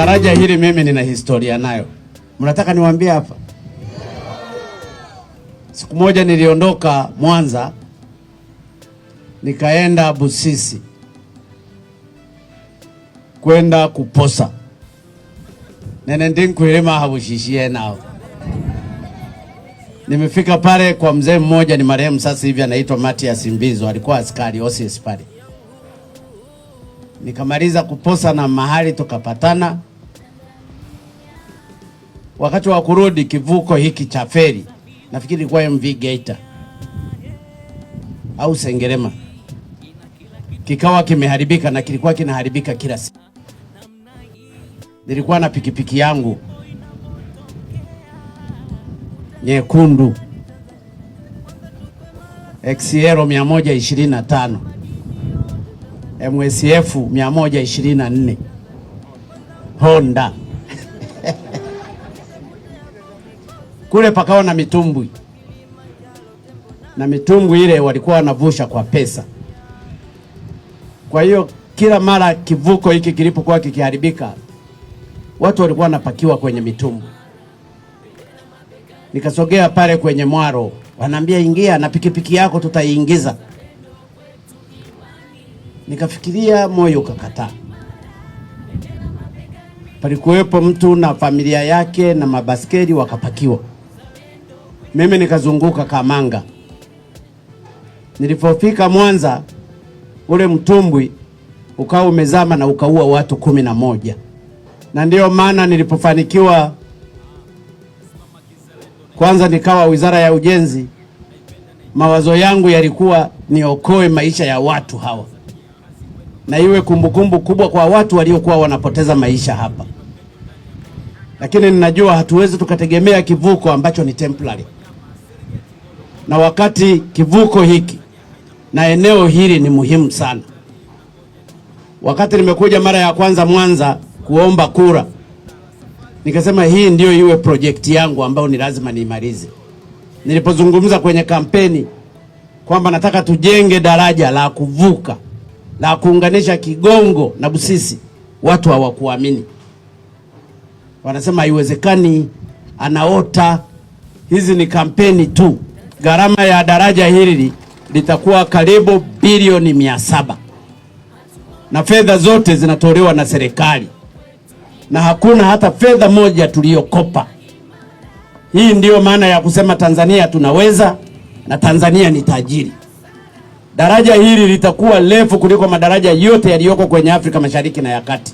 Daraja hili mimi nina historia nayo, mnataka niwaambie hapa. Siku moja niliondoka Mwanza nikaenda Busisi kwenda kuposa nene ndinkwilima hawushishiye nao. Nimefika pale kwa mzee mmoja, ni marehemu sasa hivi, anaitwa Matias Mbizo, alikuwa askari OCS pale. Nikamaliza kuposa na mahali tukapatana wakati wa kurudi kivuko hiki cha feri, nafikiri kwa MV Geita au Sengerema, kikawa kimeharibika na kilikuwa kinaharibika kila siku. Nilikuwa na pikipiki yangu nyekundu XR 125 MSF 124 Honda kule pakawa na mitumbwi na mitumbwi ile walikuwa wanavusha kwa pesa. Kwa hiyo kila mara kivuko hiki kilipokuwa kikiharibika, watu walikuwa wanapakiwa kwenye mitumbwi. Nikasogea pale kwenye mwaro, wanaambia ingia na pikipiki yako tutaiingiza. Nikafikiria, moyo ukakataa. Palikuwepo mtu na familia yake na mabaskeli wakapakiwa mimi nikazunguka Kamanga. Nilipofika Mwanza, ule mtumbwi ukawa umezama na ukaua watu kumi na moja, na ndiyo maana nilipofanikiwa kwanza nikawa wizara ya ujenzi, mawazo yangu yalikuwa niokoe maisha ya watu hawa na iwe kumbukumbu kumbu kubwa kwa watu waliokuwa wanapoteza maisha hapa, lakini ninajua hatuwezi tukategemea kivuko ambacho ni temporary na wakati kivuko hiki na eneo hili ni muhimu sana. Wakati nimekuja mara ya kwanza Mwanza kuomba kura, nikasema hii ndiyo iwe projekti yangu ambayo ni lazima niimalize. Nilipozungumza kwenye kampeni kwamba nataka tujenge daraja la kuvuka la kuunganisha Kigongo na Busisi, watu hawakuamini, wanasema haiwezekani, anaota. Hizi ni kampeni tu gharama ya daraja hili litakuwa karibu bilioni mia saba na fedha zote zinatolewa na serikali na hakuna hata fedha moja tuliyokopa. Hii ndiyo maana ya kusema Tanzania tunaweza na Tanzania ni tajiri. Daraja hili litakuwa refu kuliko madaraja yote yaliyoko kwenye Afrika Mashariki na ya Kati.